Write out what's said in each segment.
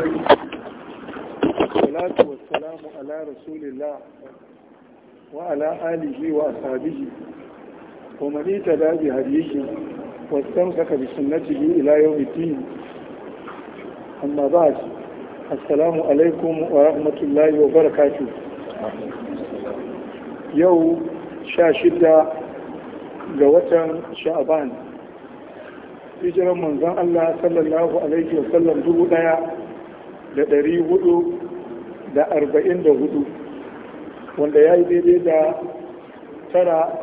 salatu wassalamu ala rasulillah wa ala alihi wa ashabihi wa man ittaba bi hadihi ila بسنته إلى يوم الدين ga watan sha'ban manzon Allah sallallahu alaihi wa sallam dubu daya da ɗari hudu da arba'in da hudu wanda ya yi daidai da tara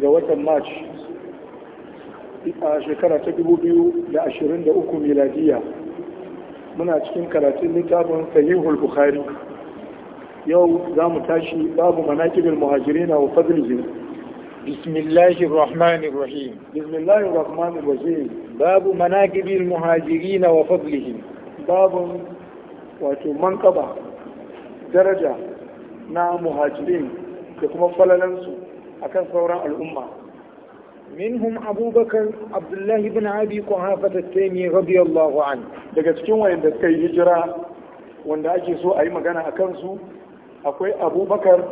ga watan march a shekara ta dubu biyu da ashirin da uku miladiya muna cikin karatun littafin sahihul bukhari yau za mu tashi babu manakibin muhajirina wa fadlihim بسم الله الرحمن الرحيم بسم الله الرحمن الرحيم باب مناكب المهاجرين وفضلهم babun wato mankaba daraja na muhajirin da kuma falalansu akan sauran al'umma minhum abubakar abdullahi bin abi taimi rabi radiyallahu an daga cikin wayanda suka yi hijira wanda ake so a yi magana a kansu akwai abubakar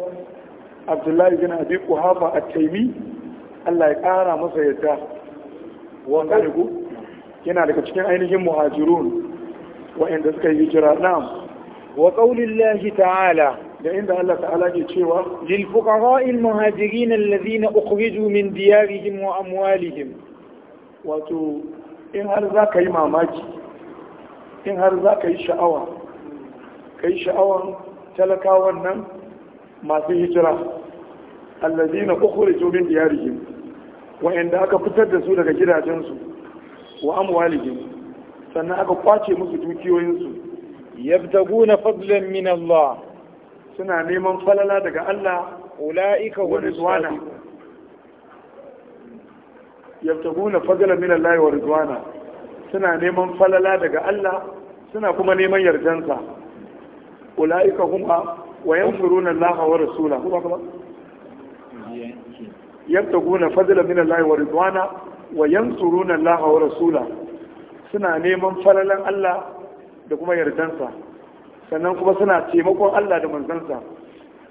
abdullahi bin abi hafa a taimi allah ya kara masa yadda wanda yana daga cikin ainihin muhajirun wa'anda suka yi hijira na'am wa qaulillahi ta'ala da inda Allah ta'ala ke cewa lil fuqara'il muhajirin alladhina ukhriju min diyarihim wa amwalihim wato in har za ka yi mamaki in har za ka yi sha'awa ka yi sha'awan talakawan nan masu hijira allazina ukhriju min diyarihim wa'anda aka fitar da su daga gidajensu wa amwalihim sannan aka kwace musu dukiyoyinsu yabtaguna fadlan min Allah suna neman falala daga Allah ulaika wa ridwana yabtaguna fadlan min Allah wa ridwana suna neman falala daga Allah suna kuma neman yardansa ulaika hum wa yanfuruna Allah wa rasulahu kuma kuma yabtaguna fadlan min Allah wa ridwana wa yansuruna Allah wa rasulahu suna neman falalan Allah da kuma yardansa sannan kuma suna taimakon Allah da manzansa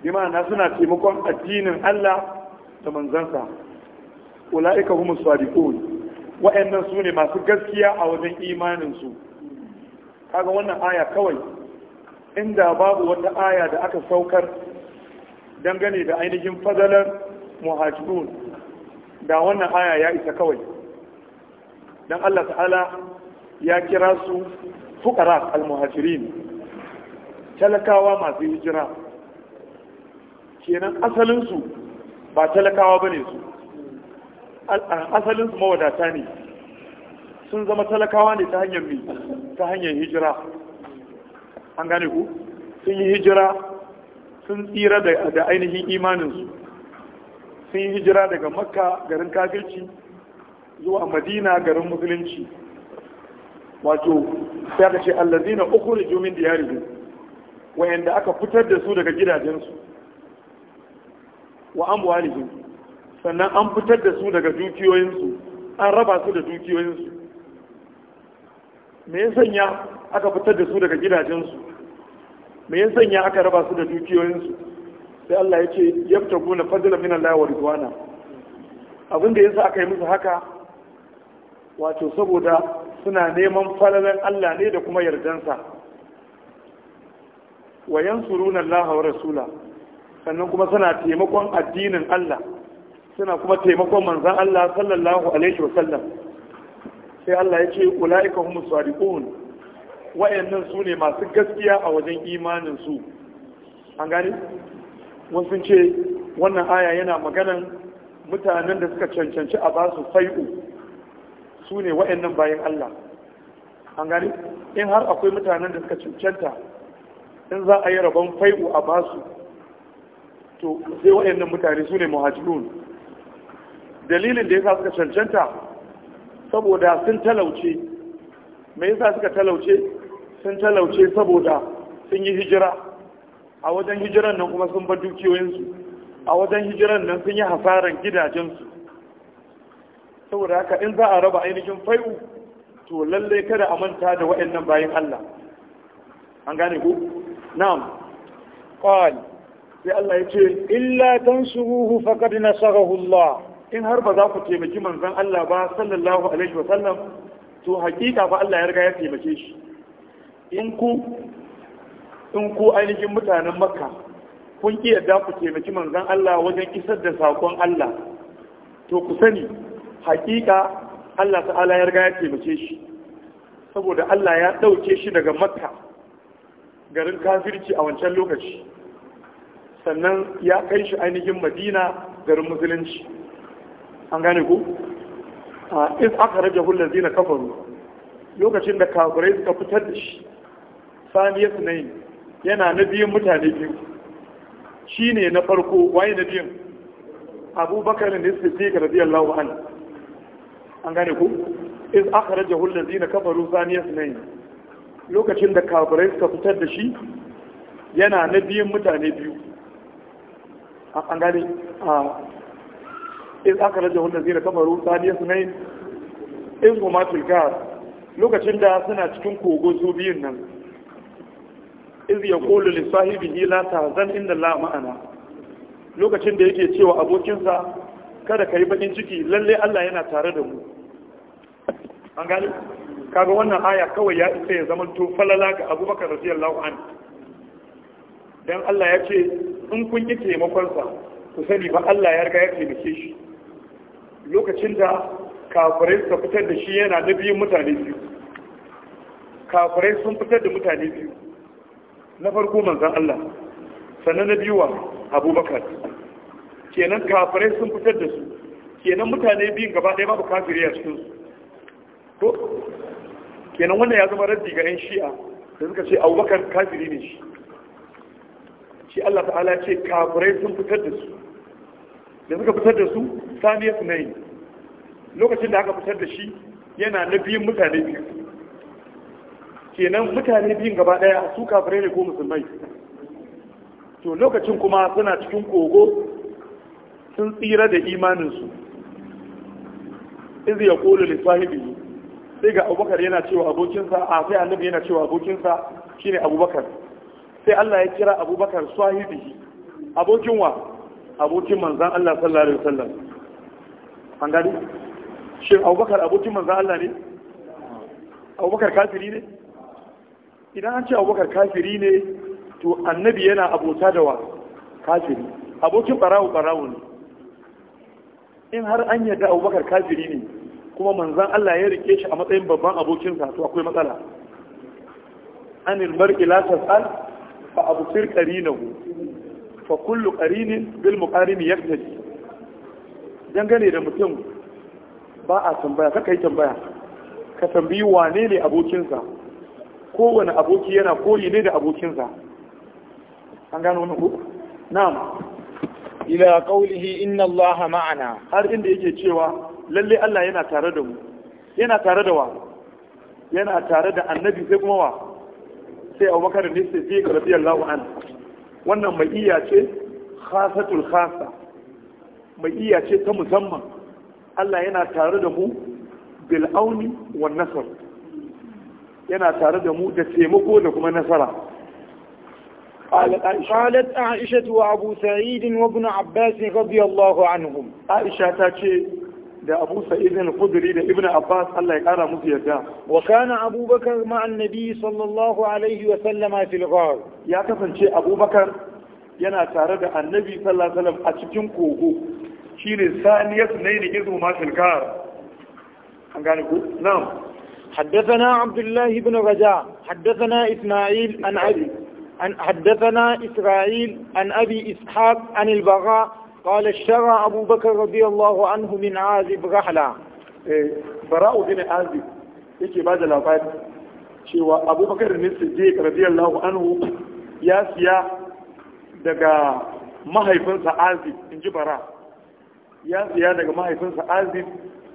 bi suna taimakon addinin Allah da manzansa ula'ika humus sadiqun wa'annan su ne masu gaskiya a wajen imanin su kaga wannan aya kawai inda babu wata aya da aka saukar dangane da ainihin fadalar muhajirun da wannan aya ya isa kawai dan Allah ta'ala ya kira su fukara almuhajirin talakawa masu hijira kenan asalinsu ba talakawa ba ne su ah, asalinsu mawadata ne sun zama talakawa ne ta hanyar mi ta hanyar hijira an gane ku sun yi hijira sun tsira da ainihin imaninsu sun yi hijira daga makka garin kafirci zuwa madina garin musulunci wato sai aka ce allazina ukhriju min diyarihim wayanda aka fitar da su daga gidajensu wa amwalihim sannan an fitar da su daga dukiyoyinsu an raba su da dukiyoyinsu me ya sanya aka fitar da su daga gidajensu me ya sanya aka raba su da dukiyoyinsu sai Allah ya ce yabtaguna fadlan min Allah wa ridwana abin da yasa aka yi musu haka wato saboda suna neman falalan Allah ne da kuma yardansa wa yansuruna Allah wa rasula sannan kuma suna taimakon addinin Allah suna kuma taimakon manzan Allah sallallahu alaihi wasallam sai Allah ya ce ulaika humus sadiqun wayannan su ne masu gaskiya a wajen imanin su an gani wasu ce wannan aya yana maganan mutanen da suka cancanci a basu su fai'u su ne waɗannan bayan Allah an gani in har akwai mutanen da suka cancanta in za a yi rabon fai'u a basu to sai waɗannan mutane su ne muhajirun dalilin da yasa suka cancanta saboda sun talauce me yasa suka talauce sun talauce saboda sun yi hijira a wajen hijiran nan kuma sun bar dukiyoyinsu a wajen hijiran nan sun yi hasaran gidajensu saboda haka in za a raba ainihin fai'u to lalle kada a manta da waɗannan bayan Allah an gane ku na'am qal sai Allah ya ce illa tansuhu faqad nasarahu Allah in har ba za ku taimaki manzon Allah ba sallallahu alaihi wa sallam to hakika fa Allah ya riga ya taimake shi in ku in ku ainihin mutanen Makka kun iya yadda ku taimaki manzon Allah wajen isar da sakon Allah to ku sani hakika Allah ta'ala ya riga ya taimake shi saboda Allah ya ɗauke shi daga makka garin kafirci a wancan lokaci sannan ya kai shi ainihin madina garin musulunci an gane ku a is aka rage hulun zina kafaru lokacin da kafirai suka fitar da shi saniyar sunayin yana na biyun mutane biyu shi ne na farko waye na biyan? abubakar ne su fi radiyallahu anhu an gane ku iz akhrajahu allazina kafaru thaniya nayi lokacin da kafirai suka fitar da shi yana na biyan mutane biyu an gane a iz akhrajahu allazina kafaru thaniya nayi iz huma fil ghar lokacin da suna cikin kogo su biyun nan iz yaqulu li sahibihi la tahzan inna allaha ma'ana lokacin da yake cewa abokinsa kada ka yi bakin ciki lalle Allah yana tare da mu an gani kaga wannan aya kawai ya isa ya zama to falala ga abubakar radiyallahu an dan Allah ya ce in kun yi taimakon sa ku sani ba Allah ya riga ya taimake shi lokacin da kafirai suka fitar da shi yana da biyun mutane biyu kafirai sun fitar da mutane biyu na farko manzon Allah sannan na biyu wa abubakar kenan kafirai sun fitar da su kenan mutane biyun gaba ɗaya babu kafiri a cikinsu to kenan wannan ya zama raddi ga 'yan shi'a da suka ce abubakar kafiri ne shi shi Allah ta'ala ce kafirai sun fitar da su da suka fitar da su saniya su nayi lokacin da aka fitar da shi yana na biyun mutane biyu kenan mutane biyun gaba daya su kafirai ne ko musulmai to lokacin kuma suna cikin kogo sun tsira da imaninsu Izi ya kolo lissahibi sai ga abubakar yana cewa abokinsa a sai annabi yana cewa abokinsa shine abubakar sai Allah ya kira abubakar swahili abokin wa abokin manzan Allah sallallahu alaihi wasallam an gani shi abubakar abokin manzan Allah ne abubakar kafiri ne idan an ce abubakar kafiri ne to annabi yana abota da wa kafiri abokin barawo barawo ne in har an yadda abubakar kafiri ne kuma manzan Allah ya rike shi a matsayin babban abokinsa to akwai matsala anil mar'i la tas'al fa sir qarinahu fa kullu qarinin bil muqarini yaktaji dangane da mutum ba a tambaya kaka yi tambaya ka tambayi wane ne abokinsa kowane aboki yana koyi ne da abokinsa an gano wannan ku na'am ila qawlihi inna allaha ma'ana har inda yake cewa lalle Allah yana tare da mu yana tare da wa yana tare da annabi sai kuma wa sai abubakar ne sai zai karbi Allahu an wannan mai iya ce khasatul khasa mai iya ce ta musamman Allah yana tare da mu bil auni wan nasr yana tare da mu da taimako da kuma nasara قالت عائشة وأبو سعيد وابن عباس رضي الله عنهم عائشة تاتي da Abu Sa'id al-Khudri da Ibn Abbas Allah ya kara musu yarda wa kana Abu Bakar ma annabi sallallahu alaihi wa sallama fil ghar ya kasance Abu Bakar yana tare da annabi sallallahu alaihi wasallam a cikin kogo shine saniyat ne ne izu ma fil ghar an gane ku na'am حدثنا عبد الله بن رجاء حدثنا إسماعيل عن أبي عن حدثنا إسرائيل عن أبي إسحاق عن البراء قال الشرع Abubakar, بكر رضي الله عنه من عازب رحلة براء بن عازب yake ba da labari cewa abubakar ne siddiq radiyallahu anhu ya siya daga mahaifinsa azib in ji bara ya siya daga mahaifinsa azib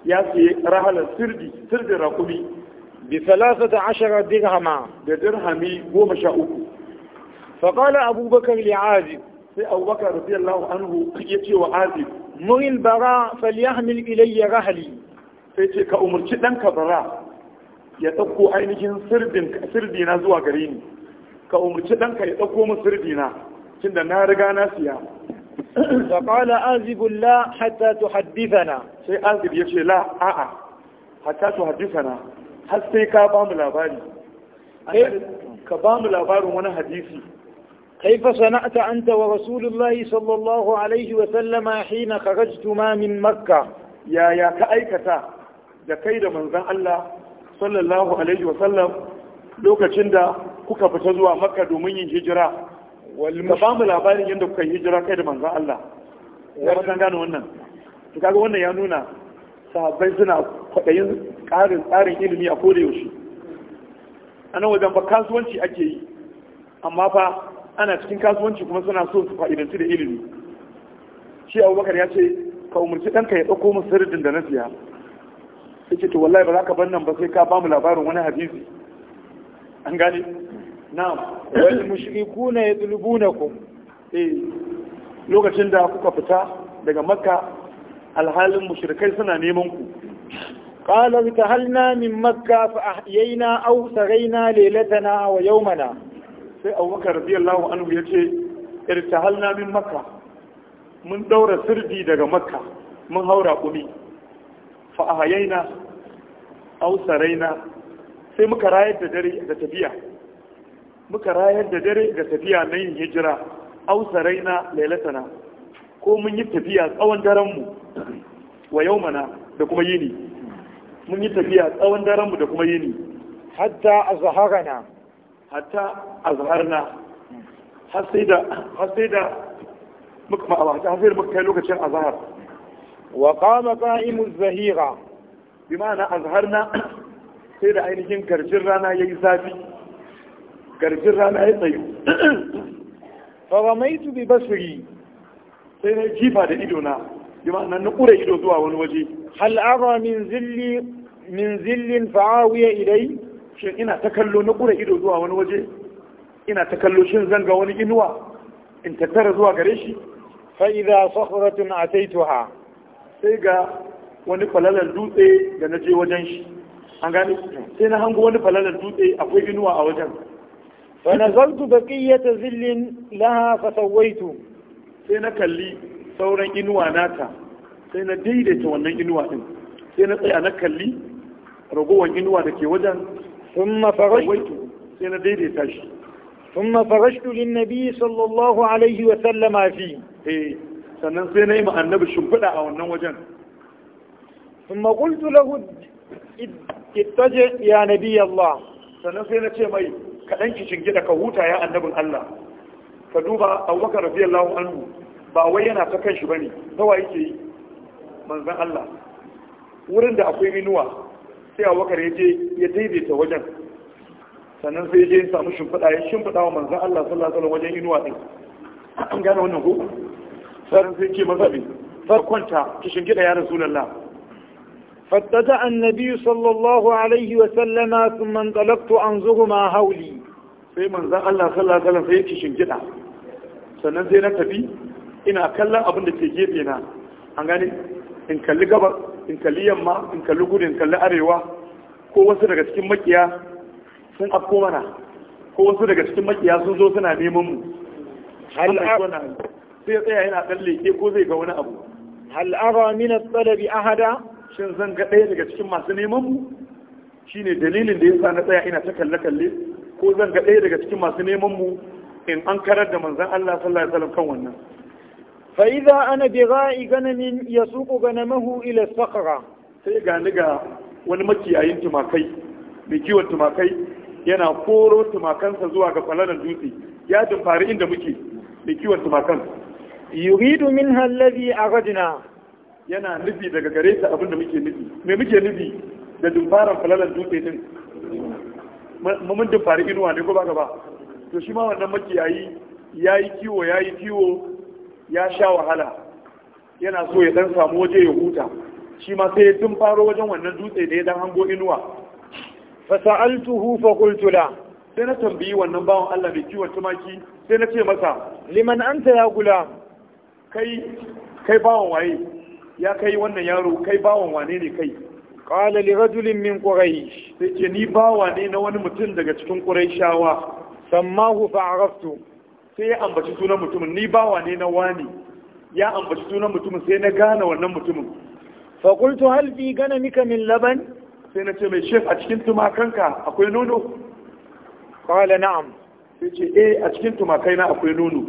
ya siya rahalar sirdi sirdin rakumi bi salasata ashara dirhama da dirhami goma sha uku faƙala abubakar li azib sai abubakar radiyallahu anhu ya ce wa azi murin bara falyahmil ilayya rahali sai ce ka umarci dan ka bara ya dauko ainihin sirdin sirdina zuwa gare ni ka umarci dan ka ya dauko min sirdina tunda na riga na siya fa qala azib la hatta tuhaddithana sai azib ya ce la a'a hatta tuhaddithana har sai ka ba mu labari eh? ka ba mu labarin wani hadisi كيف صنعت أنت ورسول الله صلى الله عليه وسلم حين خرجتما من مكة يا يا كأيكتا da kai da manzon Allah sallallahu alaihi wasallam lokacin da kuka fita zuwa makka domin yin hijira ka ba mu labarin yadda kuka yi hijira kai da manzon Allah wannan gane wannan ya nuna sahabbai suna kwaɗayin ƙarin tsarin ilimi a koda yaushe a nan wajen ba kasuwanci ake yi amma fa ana cikin kasuwanci kuma suna so su fa'idanci da ilimi shi abubakar ya ce ka umarci ɗanka ya ɗauko musu sirrin da na siya sai ce to wallahi ba za ka bar nan ba sai ka ba mu labarin wani hadisi an gane na'am ya mushrikuna ku? eh lokacin da kuka fita daga makka alhalin mushrikai suna neman ku qala tahalna min makka fa ahyayna aw sagayna laylatana wa yawmana sai abubakar radiyallahu anhu ya ce irtahalna min makka mun daura sirdi daga makka mun haura kuni fa ahayaina aw saraina sai muka rayar da dare ga tafiya muka rayar da dare ga tafiya na yin hijira aw saraina lailatana ko mun yi tafiya tsawon daren mu wa mana da kuma yini mun yi tafiya tsawon daren mu da kuma yini hatta azharana hatta azharna har sai da har sai da muka ma'a har sai da muka kai lokacin azhar wa qama qa'imu zahira bi ma'ana azharna sai da ainihin garjin rana yayi zafi garjin rana ya tsayu fa ramaitu bi basri sai na jifa da ido na bi ma'ana na kure ido zuwa wani waje hal ara min zilli min zillin fa'awiya ilai shin ina ta kallo na ƙura ido zuwa wani waje ina ta kallo shin zan ga wani inuwa in tattara zuwa gare shi fa'iza sakhratun ataituha sai ga wani falalar dutse da na je wajen shi an gani sai na hango wani falalar dutse akwai inuwa a wajen fa nazaltu baqiyata zillin laha fa sawaitu sai na kalli sauran inuwa nata sai na daidaita wannan inuwa din sai na tsaya na kalli ragowar inuwa da ke wajen ثم فرشت سينا ديدي تاشي ثم فرشت للنبي صلى الله عليه وسلم فيه sannan sai na yi annabi shimfiɗa a wannan wajen ثم قلت له اتجه يا نبي الله sannan sai na ce mai kaɗan ki shingida ka huta ya annabin Allah ka duba abubakar radiyallahu anhu ba wai yana ta kan shi bane nawa yake yi manzon Allah wurin da akwai minuwa. sai a abubakar ya je ya daidaita wajen sannan sai ya je ya samu shimfiɗa ya shimfiɗa wa manzan Allah sallallahu alaihi wajen inuwa ɗin an gane wannan ko sarin sai ke masa ne farkonta ki shingida ya rasulullah فاتجع النبي صلى الله عليه وسلم ثم انطلقت أنظرهما هولي sai manzan Allah sallallahu alaihi wasallam sai yake shingida sannan sai na tafi ina kallon abin da ke gefe na an gane in kalli gabar in kalli yamma in kalli gudun in kalli arewa ko wasu daga cikin makiya sun afko mana ko wasu daga cikin makiya sun zo suna neman mu hal ya tsaya yana dan leke ko zai ga wani abu hal ara min at-talabi ahada shin zan ga ɗaya daga cikin masu neman mu shine dalilin da yasa na tsaya ina ta kalle kalle ko zan ga ɗaya daga cikin masu neman mu in an karar da manzon Allah sallallahu alaihi wasallam kan wannan fa'iza ana bi ra'i ganamin ya suku ganamahu ila sakara sai ga ni ga wani makiyayin tumakai mai kiwon tumakai yana koro tumakansa zuwa ga kwalanan dutse ya dumfari inda muke mai kiwon tumakan yuridu min hallazi aradna yana nufi daga gare abin da muke nufi me muke nufi da dumfaran falalan dutse din mun dumfari inuwa ne ko ba ba to shima wannan makiyayi yayi kiwo yayi kiwo ya sha wahala yana so ya dan samu waje ya huta shi ma sai tun faro wajen wannan dutse da ya dan hango inuwa fa sa'altuhu fa qultu la sai na tambayi wannan bawan Allah mai kiwon tumaki sai na ce masa liman anta ya gula kai kai bawan waye ya kai wannan yaro kai bawan wane ne kai qala li rajulin min quraish sai ce ni bawa ne na wani mutum daga cikin quraishawa sammahu fa sai ya ambaci sunan mutumin ni bawa ne na wani ya ambaci sunan mutumin sai na gane wannan mutumin fakultu hal gana mika min laban sai na ce mai shef a cikin tumakanka akwai nono kawai na'am sai ce eh a cikin tumakai na akwai nono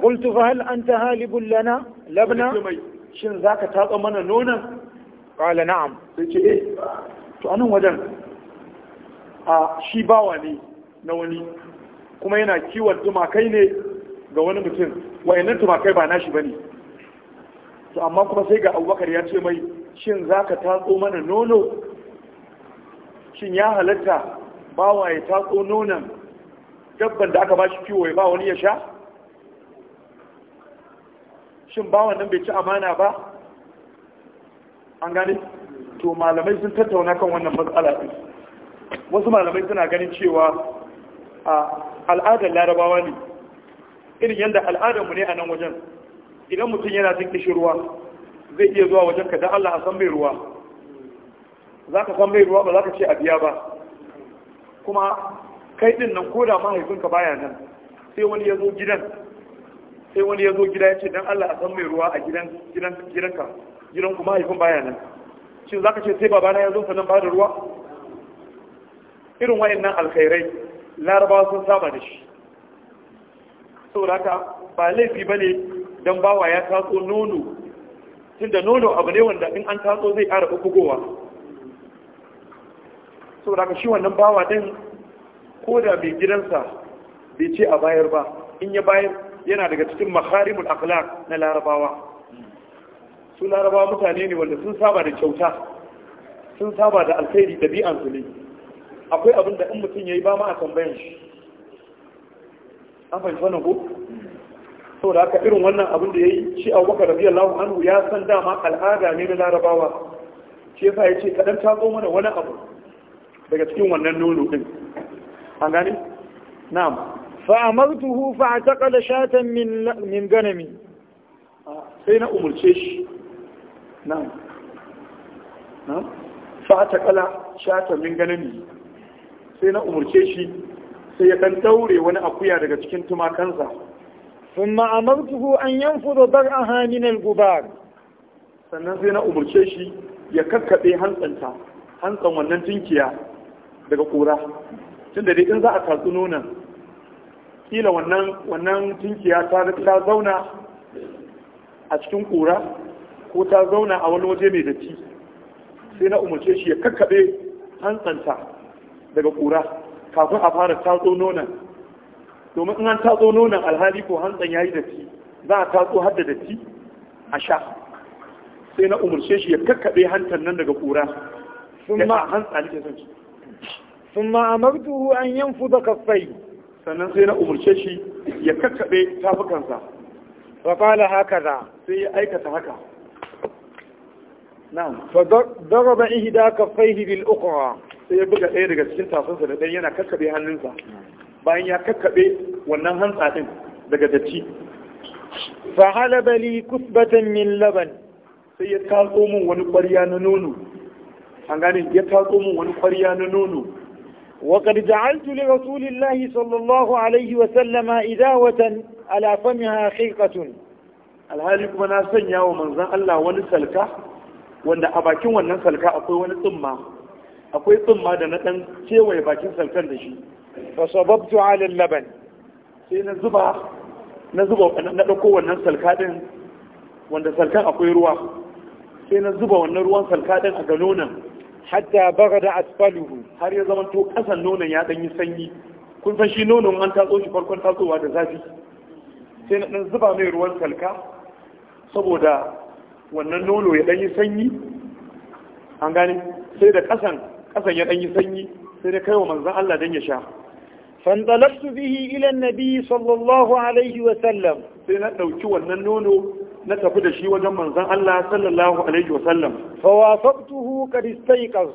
kultu fa hal anta halibun lana labna shin zaka tatsa mana nonon kawai na'am sai ce eh to anan wajen a shi bawa ne na wani kuma yana kiwon tumakai ne ga wani mutum wayannan tumakai ba nashi bane to amma kuma sai ga abubakar ya ce mai shin zaka tatso mana nono shin ya halatta bawa ya tatso nonon dabban da aka bashi kiwo ya ba wani ya sha shin bawan nan bai ci amana ba an gane to malamai sun tattauna kan wannan matsala wasu malamai suna ganin cewa al'adar larabawa ne irin yadda al'adarmu ne a nan wajen idan mutum yana jin kishirwa zai iya zuwa wajen ka da Allah a san mai ruwa za ka san mai ruwa ba za ka ce a biya ba kuma kai din nan koda mahaifinka baya nan sai wani ya zo gidan sai wani ya zo gida ya ce don Allah a san mai ruwa a gidan gidan gidanka gidan kuma haifin baya nan shin za ka ce sai babana ya zo nan ba da ruwa irin wayannan alkhairai larabawa sun saba da shi saboda ba laifi ba ne don bawa ya taso nono tunda nono abu ne wanda in an taso zai ƙara ɓuɓɓugowa saboda haka shi wannan bawa ɗin ko da mai gidansa bai ce a bayar ba in ya bayar yana daga cikin makarimul akhlaq na larabawa su larabawa mutane ne wanda sun saba da kyauta sun saba da alkhairi ɗabi'ansu ne akwai abin da in mutum ya yi ba ma a tambayan shi an fahimci wannan ko saboda haka irin wannan abin da ya yi shi rabi radiyallahu anhu ya san dama al'ada ne na larabawa shi yasa ya ce kaɗan ta zo mana wani abu daga cikin wannan nono ɗin an gane na'am fa amartuhu fa ataqala shatan min min ganami ah, sai na umurce shi na'am na'am fa ataqala shatan min ganami sai na umarce shi sai ya kan daure wani akuya daga cikin tumakansa ثم an أن bar a من gubar sannan sai na umarce shi ya kakkaɓe hantsanta hantsan wannan tinkiya daga kura tun da in za a tatsu nonon kila wannan tinkiya ta zauna a cikin kura ko ta zauna a wani waje mai datti sai na umarce shi ya kakkaɓe hantsanta daga ƙura kafin a fara tatso nonon domin in an tatso nonon alhali ko hantsan ya yi datti za a tatso har da datti a sha sai na umarce shi ya kakkaɓe hantar nan daga ƙura ya sa hantsa nake son shi sun a ma'amartuhu an yan fuda kafai sannan sai na umarce shi ya kakkaɓe tafukansa wa kala haka za sai ya aikata haka na'am fa daraba ihda kaffaihi bil ukhra sai ya buga ɗaya daga cikin tafinsa da ɗan yana kakkaɓe hannunsa bayan ya kakkaɓe wannan hantsa ɗin daga datti fa halaba li kusbatan min laban sai ya tatso min wani ƙwarya na nono an gane ya tatso min wani ƙwarya na nono وقد جعلت لرسول الله صلى الله عليه وسلم إداوة على فمها خيقة alhali kuma na sanya wa Manzon Allah wani salka wanda a bakin wannan salka akwai wani tsumma akwai tsumma da na ɗan kewaye bakin salkan da shi fa sababtu ala laban sai na zuba na zuba na ɗauko wannan salka ɗin wanda salkan akwai ruwa sai na zuba wannan ruwan salka ɗin a ga nonon hatta da asfaluhu har ya zama to ƙasan nonon ya ɗan yi sanyi kun san shi nonon an tatso shi farkon tatsowa da zafi sai na ɗan zuba mai ruwan salka saboda wannan nono ya ɗan yi sanyi an gani sai da ƙasan kasan ya ɗanyi sanyi sai dai kai wa manzan Allah don ya sha fantalaftu bihi ila nabi sallallahu alaihi wa sallam sai na ɗauki wannan nono na tafi da shi wajen manzan Allah sallallahu alaihi wa sallam fawafaqtuhu qad istayqaz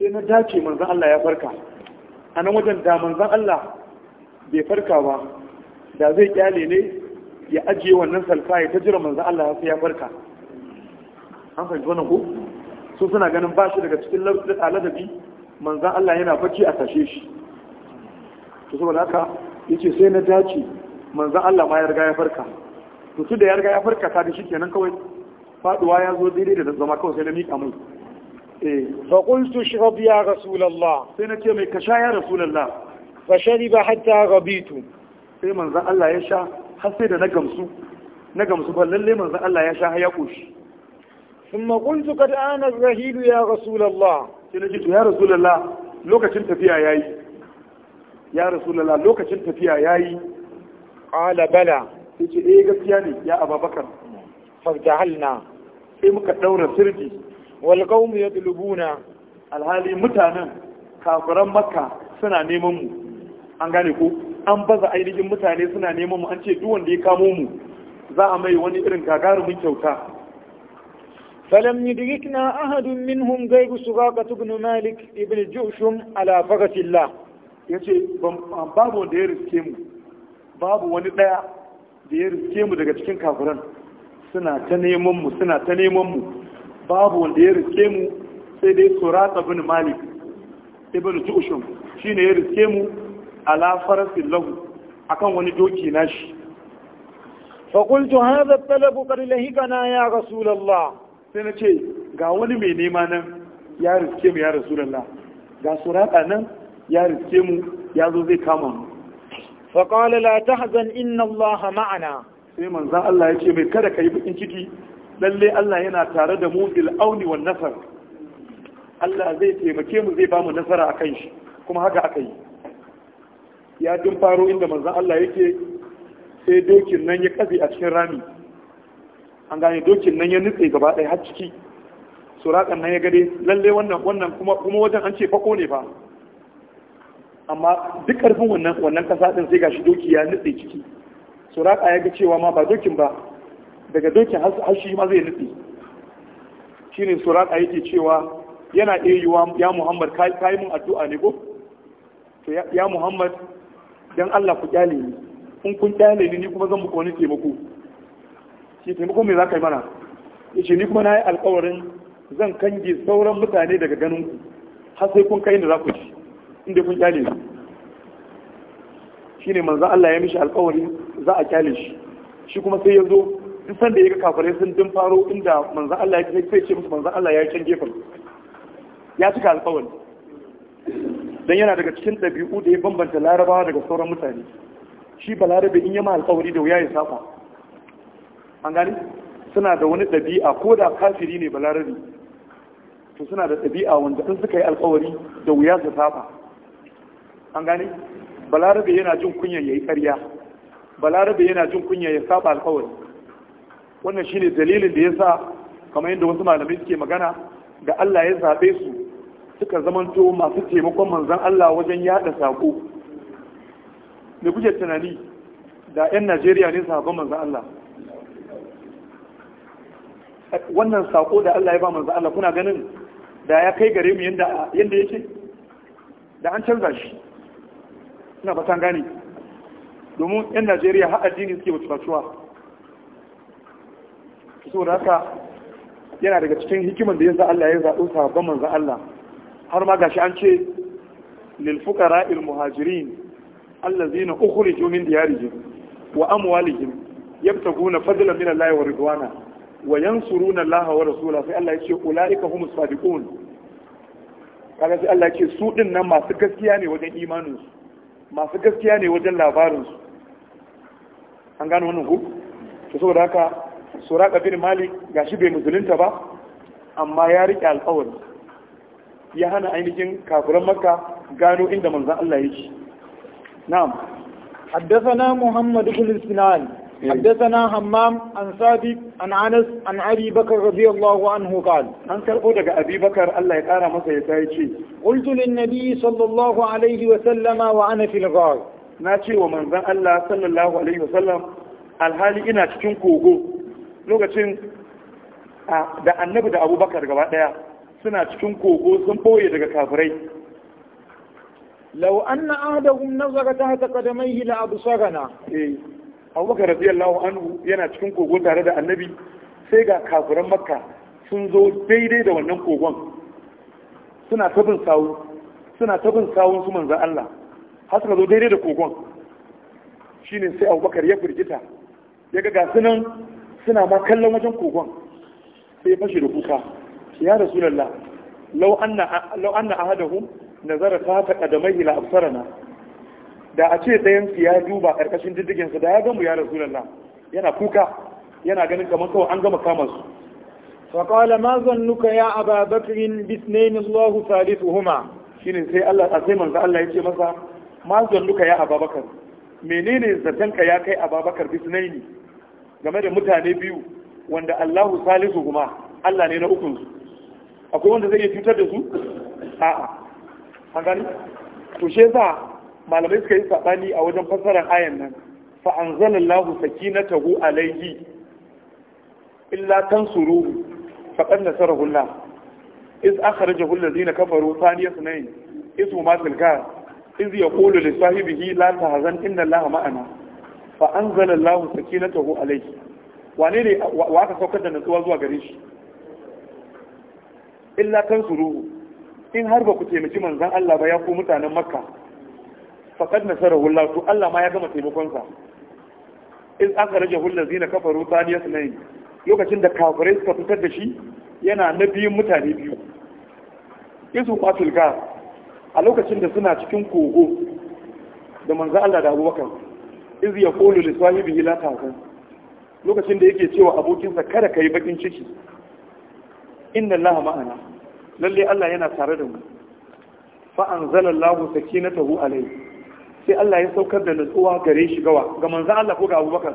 sai na dace manzan Allah ya farka a nan wajen da manzan Allah bai farka ba da zai kyale ne ya ajiye wannan salfa ya ta jira manzan Allah sai ya farka an fahimci wannan ko su suna ganin ba shi daga cikin ladabi manzan Allah yana bacci a tashe shi to saboda haka ce sai na dace manzan Allah ma ya riga ya farka to su da ya riga ya farka ta da shi kenan kawai faduwa ya zo daidai da zama kawai sai na miƙa mai eh fa qultu shrab ya rasulullah sai na ce mai ka sha ya rasulullah fa shariba hatta rabitu sai manzan Allah ya sha har sai da na gamsu na gamsu ba lalle manzan Allah ya sha ya koshi ثم قلت قد آن الرحيل يا رسول الله سنجد يا رسول الله لوكا شنت فيها ياي يا رسول الله لوكا شنت فيها ياي قال بلى yace gaskiya ne ya ababakar farjahalna sai muka daura sirji wal qaum yadlubuna alhali mutanen kafiran makka suna neman mu an gane ko an baza ainihin mutane suna neman mu an ce duk wanda ya kamo mu za a mai wani irin gagarumin kyauta فلم يدركنا أحد منهم غير سراقة بن مالك ابن جوشم على فرس الله yace babu wanda ya riske mu babu wani daya da ya riske mu daga cikin kafiran suna ta neman mu suna ta neman mu babu wanda ya riske mu sai dai surata bin malik ibn tushum shine ya riske mu ala farasin lahu akan wani doki nashi fa qultu hadha at-talab qad ya rasulullah sai na ce ga wani mai nema nan ya riske mu ya rasulallah ga suraka nan ya riske mu ya zo zai kama mu faƙala la tahzan inna Allah ma'ana sai manzan Allah ya ce mai kada ka yi bakin ciki lalle Allah yana tare da mu bil auni wan nasar Allah zai taimake mu zai bamu nasara akan shi kuma haka aka yi ya dun faro inda manzan Allah yake sai dokin nan ya kafe a cikin rami an gane dokin nan ya nutse gaba ɗaya har ciki surakan nan ya gade lalle wannan wannan kuma kuma wajen an ce fako ne fa amma duk ƙarfin wannan wannan kasa din sai gashi doki ya nutse ciki suraka ya ga cewa ma ba dokin ba daga dokin har shi ma zai nutse shine suraka yake cewa yana ayyuwa ya muhammad ka yi mun addu'a ne ko to ya muhammad dan allah ku kyale ni in kun kyale ni ni kuma zan muku wani taimako ce taimakon me za ka yi mana ya ce ni kuma na yi alkawarin zan kange sauran mutane daga ganin ku har sai kun kai da za ku ci inda kun kyale su shine manzon Allah ya mishi alkawari za a kyale shi shi kuma sai ya zo duk sanda ya ga kafirai sun din faro inda manzon Allah ya sai ce musu manzon Allah ya yi can gefen ya cika alkawari dan yana daga cikin ɗabi'u da ya bambanta larabawa daga sauran mutane shi balarabe in yi ma alkawari da wuya ya saba an gani suna da wani ɗabi'a ko da kafiri ne balarabi to suna da ɗabi'a wanda in suka yi alkawari da wuya su saba an gani balarabe yana jin kunya ya yi ƙarya balarabe yana jin kunya ya saba alkawari wannan shine dalilin da ya sa kamar yadda wasu malamai suke magana da Allah ya zaɓe su suka zamanto masu taimakon manzan Allah wajen yada sako me kuke tunani da 'yan Najeriya ne sabon manzan Allah wannan sako da Allah ya ba manzo Allah kuna ganin da ya kai gare mu yanda yanda yake da an canza shi ina san gane domin yan Najeriya har addini suke mutuwa saboda haka yana daga cikin hikimar da yanzu Allah ya zaɓi ba manzo Allah har ma gashi an ce lil fuqara al muhajirin allazina ukhriju min diyarihim wa amwalihim yabtaguna fadlan min Allah wa ridwana wa yansuruna Allah wa rasula sai Allah ya ce ulaika humus sadiqun kaga sai Allah ya ce su din nan masu gaskiya ne wajen imanin su masu gaskiya ne wajen labarin su an gano wannan ku to saboda haka suraka bin malik gashi bai musulunta ba amma ya rike alƙawari ya hana ainihin kafiran makka gano inda manzon Allah yake na'am حدثنا محمد بن سنان حدثنا همام عن ثابت عن انس an ابي بكر رضي الله عنه قال عن كربو daga ابي بكر الله يقرا masa ya sai ce قلت للنبي صلى الله عليه وسلم وانا في الغار nace wa manzon Allah sallallahu alaihi wasallam alhali ina cikin kogo lokacin da annabi da abubakar gaba daya suna cikin koko, sun boye daga kafirai law anna ahadahum nazara tahta qadamayhi la absarana eh Abu Bakar radiyallahu anhu yana cikin kogon tare da annabi sai ga kafiran makka sun zo daidai da wannan kogon suna ta bin sawu suna tabin sawun su manzan Allah har suka zo daidai da kogon shine sai Abu Bakar ya firgita ya ga gasu nan suna ma kallon wajen kogon sai ya fashe da kuka ya rasulullah law anna law anna ahadahum nazara ta ta qadamaihi la absarana da a ce ɗayan su ya duba ƙarƙashin jirgin su da ya gamu ya rasulullah yana kuka yana ganin kamar kawai an gama kama su فقال ya a يا أبا بكر salisu huma shi ne sai Allah a sai manzan Allah ya ce masa ma ظنك ya a Babakar? menene ka ya kai Ababakar bisnaini game da mutane biyu wanda Allahu salisu Huma, Allah ne na ukun su akwai wanda zai iya cutar da su a'a an gani to she yasa malamai suka yi sabani a wajen fassarar ayan nan fa anzalallahu sakinatahu alayhi illa tansuruhu aka nasarahu Allah iz akhrajahu alladhina kafaru thaniya sunayn iz huma fil ghar iz yaqulu li sahibihi la tahzan inna Allaha ma'ana fa anzalallahu sakinatahu alayhi wane ne wa aka saukar da nutsuwa zuwa gare shi illa tansuruhu in har ba ku taimaki manzon Allah ba ya ku mutanen makka na sarar hula to Allah ma ya gama taimakonsa. in in aka rage zina hullazina kafaru thaniyat nayn lokacin da kafirai suka fitar da shi yana na biyun mutane biyu isu qatil ga. a lokacin da suna cikin kogo da manzo Allah da Abubakar iz kolo da sahibihi la tahzan lokacin da yake cewa abokinsa kada ka yi bakin ciki inna Allah ma'ana lalle Allah yana tare da mu fa anzalallahu sakinatahu alayhi sai Allah ya saukar da nutsuwa gare shi gawa ga manzo Allah ko ga abubakar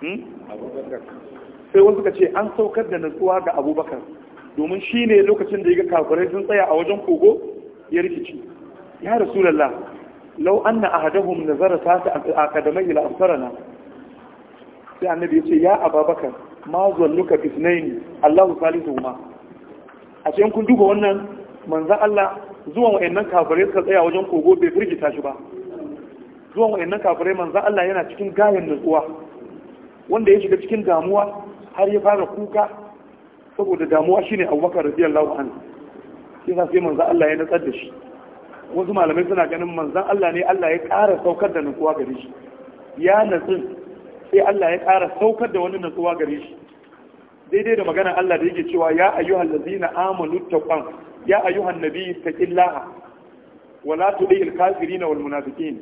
hmm? sai wasu ka ce an saukar da nutsuwa ga abubakar domin shi ne lokacin da ya ga kafirai sun tsaya a wajen kogo ya rikici ya rasulullah lau an na ahadahum nazara ta ta a ila sai annabi ya ce ya ababakar ma zalluka bisnaini Allahu salisu ma a cikin kun duba wannan manzo Allah zuwan wa'annan kafirai suka tsaya wajen kogo bai firgita shi ba zuwan wa'annan kafirai manzo Allah yana cikin gayan nutsuwa wanda ya shiga cikin damuwa har ya fara kuka saboda damuwa shine Abubakar radiyallahu anhu sai sa sai manzo Allah ya nutsar da shi wasu malamai suna ganin manzon Allah ne Allah ya ƙara saukar da nutsuwa gare shi ya natsin sai Allah ya ƙara saukar da wani natsuwa gare shi daidai da magana Allah da yake cewa ya ayyuhal ladzina amanu taqwan ya ayyuhan nabi taqillaha wa la tudil kafirin wal munafiqin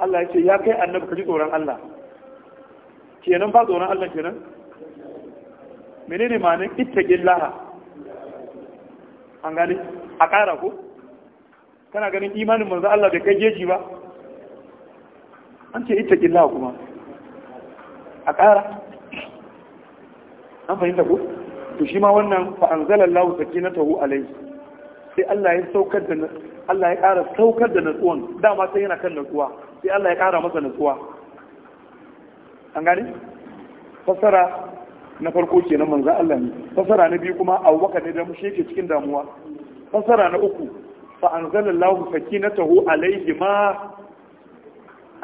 Allah yace ya kai annabi ka ji tsoron Allah kenan ba tsoron Allah kenan menene ma'anar ittaqillaha an gane a ƙara ko kana ganin imanin manzo Allah da kai jeji ba an ce ittaqillaha kuma a ƙara an fahimta ko to shi ma wannan fa Allah sakinatahu alayhi sai Allah ya saukar da Allah ya ƙara saukar da natsuwan dama sai yana kan natsuwa sai Allah ya ƙara masa natsuwa an gani fasara na farko kenan manzo Allah ne fasara na biyu kuma Bakar ne da mu sheke cikin damuwa fasara na uku fa Allah sakinatahu alayhi ma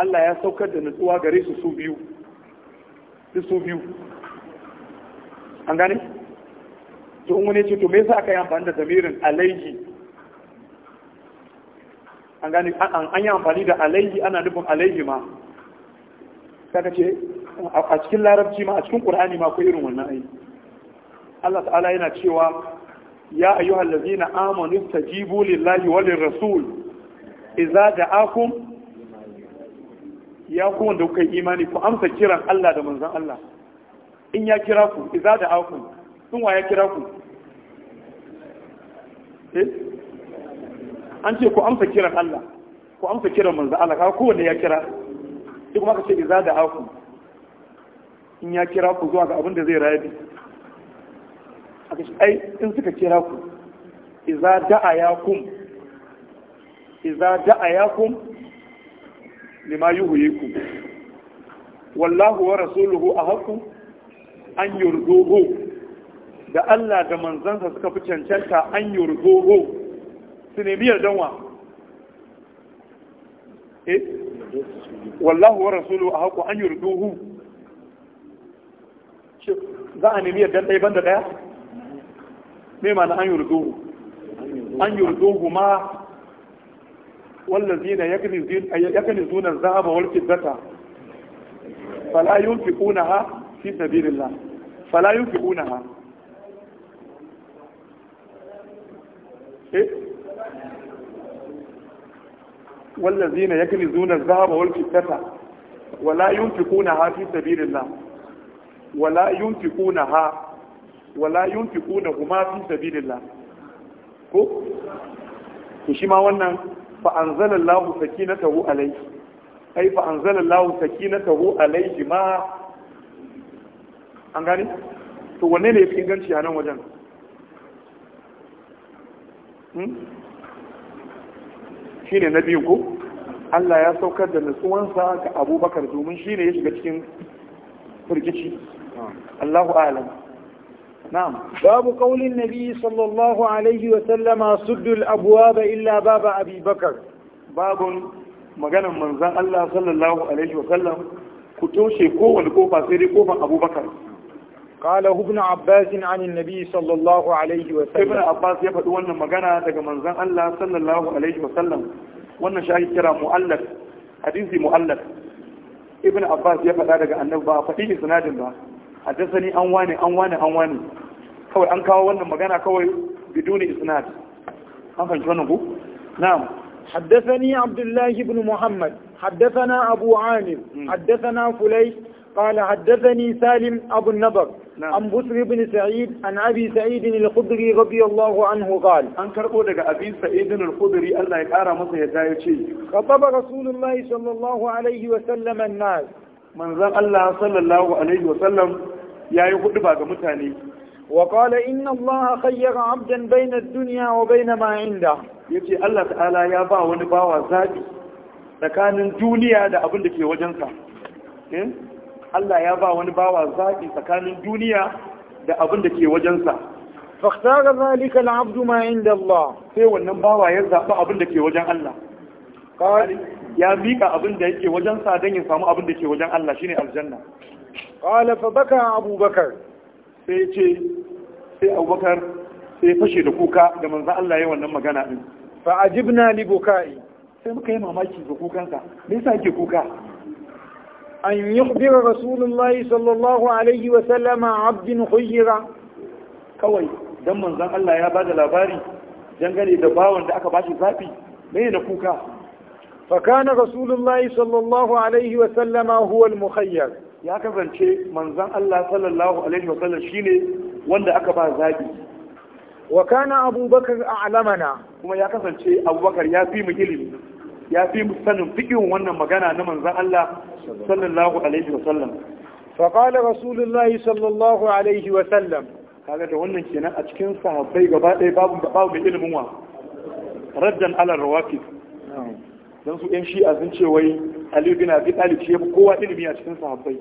Allah ya saukar da natsuwa gare su su biyu su biyu an gani to in wani ce to me yasa aka yi amfani da zamirin alaihi an gani an yi amfani da alaihi ana nufin alaihi ma kaga ce a cikin larabci ma a cikin qur'ani ma ko irin wannan ai Allah ta'ala yana cewa ya ayyuhal ladzina amanu tajibu lillahi wal rasul idza da'akum ya ku wanda kuka yi imani ku amsa kiran Allah da manzon Allah in ya kira ku idza da'akum sun waye kira ku eh an ce ku amsa kiran Allah ku amsa kiran manzo Allah kowa kowane ya kira sai kuma ka ce iza da aku in ya kira ku zuwa ga abin da zai rayu aka ce ai in suka kira ku iza da'a yakum iza da'a yakum lima yuhyikum wallahu wa rasuluhu haku an yurduhu da Allah da manzansa suka fi cancanta an yi rugogo su nemiyar danwa eh? wallahu wa rasulu a haku an yi rugogo za a nemiyar dan ɗaya banda ɗaya? ne ma na an yi rugogo an yi rugogo ma wallan zina ya kani zuna zaba walfi zata fala yi fi ƙuna ha fi sabirin la fala yi fi ƙuna ha eh wallazina yaknizuna adh-dhahaba wal fiddata wala yunfiqunaha fi sabilillah wala yunfiqunaha wala yunfiquna huma fi sabilillah ko to shi ma wannan fa anzalallahu sakinatahu alayhi ai fa anzalallahu sakinatahu alayhi ma an gani to wanne ne yafi inganci a nan wajen Hmm? shi ne na biyu ko Allah ya saukar da nutsuwansa ga abubakar domin shi ne ya shiga cikin firgici Allahu alam na'am babu qaulin nabi sallallahu alaihi wa sallama suddul ba illa baba Abubakar. bakar babun maganan manzon Allah sallallahu alaihi wa sallam ku toshe kowane kofa sai dai kofan abubakar قال ابن عباس عن النبي صلى الله عليه وسلم ابن عباس ya faɗi wannan magana daga manzon Allah sallallahu alaihi wasallam wannan shayi kira muallaf hadisi muallaf ibn abbas ya faɗa daga annabi ba faɗi isnadin ba haddathani an wani an wani an wani kawai an kawo wannan magana kawai biduni isnad an fahimci wannan ku na'am حدثني عبد الله بن محمد حدثنا أبو عامر حدثنا فليس قال حدثني سالم أبو النضر an busri bin sa'id an abi sa'id al-khudri radiyallahu anhu qal an karbo daga abi sa'id al-khudri Allah ya kara masa yadda ya ce khataba rasulullahi sallallahu alaihi wa sallam an-nas Allah sallallahu alaihi wa sallam yayi hudu ba ga mutane وقال إن الله خير عبدا بين الدنيا وبين ما عنده يجي Allah Ta'ala ya ba wani باوا زابي tsakanin duniya da abin da ke wajensa eh? Allah ya ba wani bawa zaɓi tsakanin duniya da abin da ke wajensa faktara zalika al'abdu ma inda Allah sai wannan bawa ya zaɓi abin da ke wajen Allah ya miƙa abin da yake wajen sa don ya samu abin da ke wajen Allah shine aljanna qala fa baka abubakar sai ce sai abubakar sai fashe da kuka da manzo Allah ya wannan magana din fa ajibna li bukai sai muka yi mamaki ga kukansa me yasa yake kuka أن يخبر رسول الله صلى الله عليه وسلم عبد خير كوي دم من زن الله يا بعد الأباري جنجلي دباون دا أكا باشي زابي مين كوكا فكان رسول الله صلى الله عليه وسلم هو المخير ya kasance manzan Allah sallallahu alaihi wasallam shine wanda aka ba zabi wa kana abubakar a'lamana kuma ya kasance abubakar ya fi mu ilimi ya fi musallin sanin fikin wannan magana na manzan Allah sallallahu alaihi wa sallam fa qala rasulullahi sallallahu alaihi wa sallam kaga da wannan kenan a cikin sahabbai gaba ɗaya babu mai ilimin wa raddan alar rawafi. Don su shi a sun ce wai Aliyu bin Abi Talib shi yafi kowa ilimi a cikin sahabbai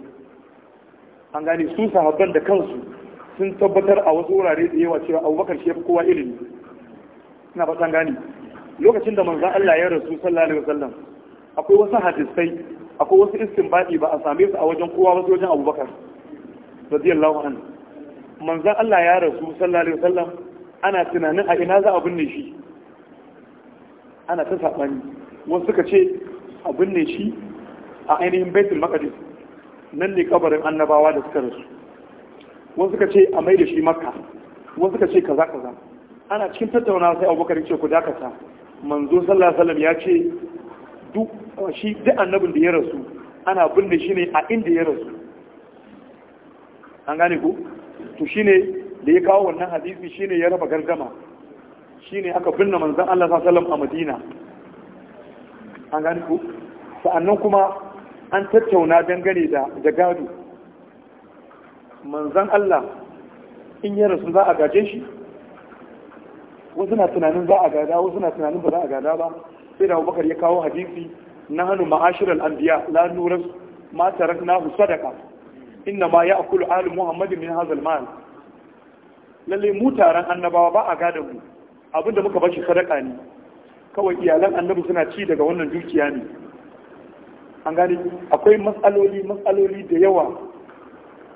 an gane su sahabban da kansu sun tabbatar a wasu wurare da yawa cewa Abubakar shi yafi kowa ilimi ina fatan gani. lokacin da manzan Allah ya rasu sallallahu alaihi wasallam akwai wasu hadisai akwai wasu istinbadi ba a same su a wajen kowa ba wajen Abubakar radiyallahu anhu manzan Allah ya rasu sallallahu alaihi wasallam ana tunanin a ina za a binne shi ana ta sabani wasu suka ce a binne shi a ainihin Baitul Maqdis nan ne kabarin annabawa da suka rasu wasu suka ce a mai da shi Makka wasu suka ce kaza kaza ana cikin tattaunawa sai Abubakar ya ce ku dakata manzo sallallahu alaihi wasallam ya ce duk shi da annabin da ya rasu ana binne shi ne a inda ya rasu an gane ku to shine da ya kawo wannan hadisi shine ya raba gargama shine aka binne manzo Allah sallallahu alaihi wasallam a Madina an gane ku sa'annan kuma an tattauna dangane da da gado manzon Allah in ya rasu za a gaje shi wasu na tunanin za a gada wasu na tunanin ba za a gada ba sai da abubakar ya kawo hadisi na hannu ma'ashirar anbiya la nurar matarar na hu sadaka inda ma akulu alu muhammadin min hazal mal lalle mu taron annabawa ba a gada mu abinda muka bashi sadaka ne kawai iyalan annabi suna ci daga wannan dukiya ne an gane akwai matsaloli matsaloli da yawa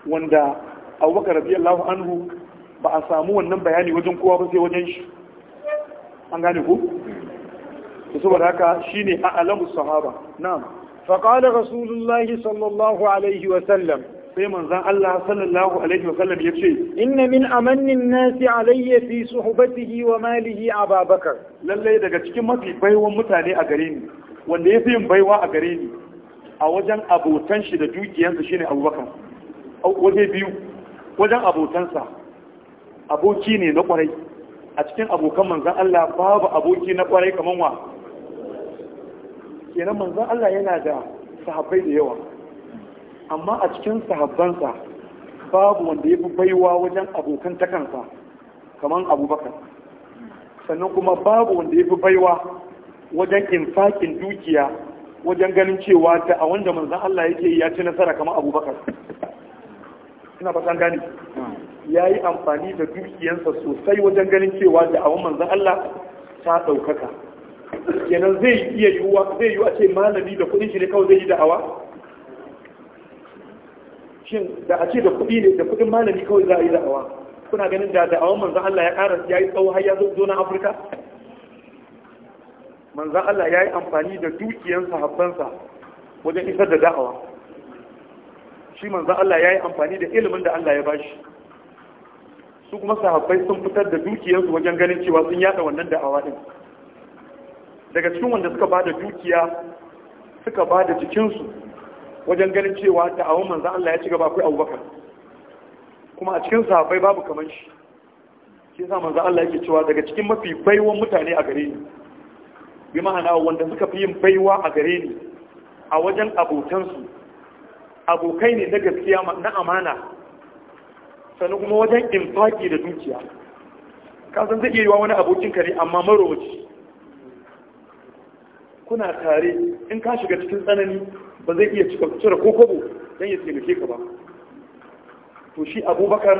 wanda abubakar radiyallahu anhu ba a samu wannan bayani wajen kowa ba sai wajen shi an gane ku to saboda haka shine a alamu sahaba na'am fa qala rasulullahi sallallahu alaihi wa sallam sai manzon Allah sallallahu alaihi wa sallam yace inna min amanni nasi alayya fi suhbatihi wa malihi ababakar lalle daga cikin mafi baiwan mutane a gare ni wanda yafi yin baiwa a gare ni a wajen abotan shi da dukiyansa shine abubakar waje biyu wajen abotansa aboki ne na kwarai a cikin abokan manzan Allah babu aboki na kwarai kamar wa kenan manzan Allah yana da sahabbai da yawa amma a cikin sahabbansa babu wanda ya fi baiwa wajen abokan takansa kamar abubakar sannan kuma babu wanda ya fi baiwa wajen infakin dukiya wajen ganin cewa ta, a wanda manzan Allah yake ya ci nasara kamar abubakar ina gani hmm. ya yi amfani da dukiyansa sosai wajen ganin cewa da awon manzan Allah ta ɗaukaka kenan zai iya yiwuwa zai yiwu a ce malami da kuɗin shi ne kawai zai yi da'awa shin da a ce da kuɗi ne da kuɗin malami kawai za a yi da'awa kuna ganin da da'awan manzan Allah ya ƙara ya yi tsawo har ya zo na Afirka manzan Allah ya yi amfani da dukiyansa habbansa wajen isar da da'awa shi manzan Allah ya yi amfani da ilimin da Allah ya bashi su kuma sahabbai sun fitar da dukiyarsu wajen ganin cewa sun yada wannan da'awa din daga cikin wanda suka bada dukiya suka bada jikinsu wajen ganin cewa da'awun manzo Allah ya ci gaba akwai abubakar kuma a cikin sahabbai babu kaman shi shi yasa manzo Allah yake cewa daga cikin mafi baiwan mutane a gare ni bi ma'ana wanda suka fi yin baiwa a gare ni a wajen abotansu abokai ne na gaskiya na amana sannan kuma wajen infaki da dukiya kasan zai iya yiwa wani abokin kare amma marowaci kuna tare in ka shiga cikin tsanani ba zai iya cika cire ko kobo don ya taimake ka ba to shi abubakar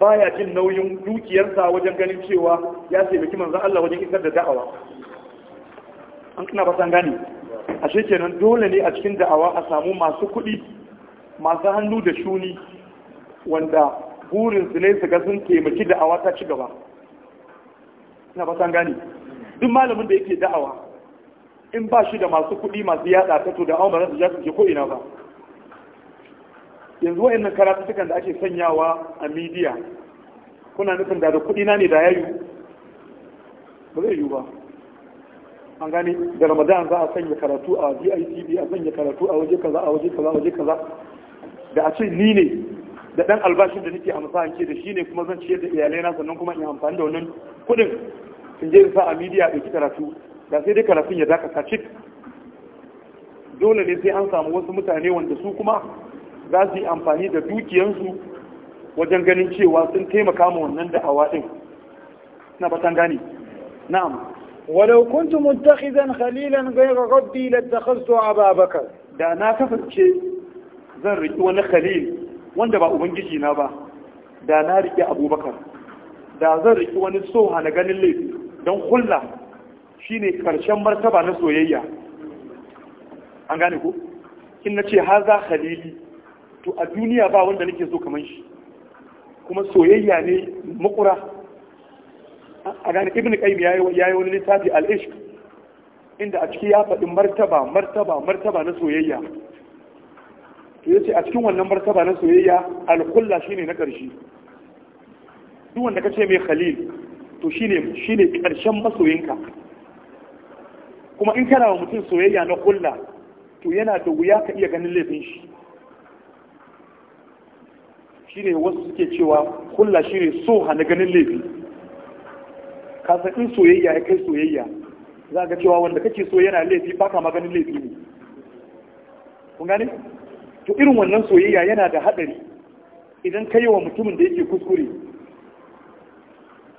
baya jin nauyin dukiyarsa wajen ganin cewa ya taimaki manzan Allah wajen isar da da'awa an kana fasan gane ashe kenan dole ne a cikin da'awa a samu masu kuɗi masu hannu da shuni wanda burin su ne su ga sun taimaki da'awa ta ci gaba ina ba san gani duk malamin da yake da'awa in ba shi da masu kuɗi masu yada ta to da awon ba za su ja su je ko ina ba yanzu wa'annan karatutukan da ake sanyawa a midiya kuna nufin da da kuɗi na ne da ya yi ba zai yiwu ba an gane da ramadan za a sanya karatu a vitb a sanya karatu a waje kaza a waje kaza a waje kaza da a ce ni ne da dan albashin da nake amfani ce da shi ne kuma zan ciyar da iyalai na sannan kuma in amfani da wannan kuɗin in je in sa a midiya ki karatu da sai dai karatun ya dakata cik dole ne sai an samu wasu mutane wanda su kuma za su yi amfani da dukiyansu wajen ganin cewa sun taimaka ma wannan da awa ɗin na batan gane na'am walau kuntu muttakhizan khalilan ghayra rabbi latakhaztu aba bakar da na kasance zan riki wani khalil wanda ba ubangiji na ba da na rike abubakar da zan rike wani soha na ganin laifi don hulla shine karshen martaba na soyayya an gane ko in na ce haza halili to a duniya ba wanda nake so kamar shi kuma soyayya ne makura a gane ibn ya yi wani littafi al inda a ciki ya faɗi martaba martaba martaba na soyayya to yace a cikin wannan martaba na soyayya alkulla shine na ƙarshe duk wanda kace mai khalil to shine shine ƙarshen masoyinka kuma in kana wa mutum soyayya na kulla to yana da wuya ka iya ganin laifin shi shine wasu suke cewa kulla shine so na ganin laifi kasan in soyayya ya kai soyayya za ga cewa wanda kake so yana laifi baka maganin laifi ne kun gane to irin wannan soyayya yana da haɗari idan ka yi wa mutumin da yake kuskure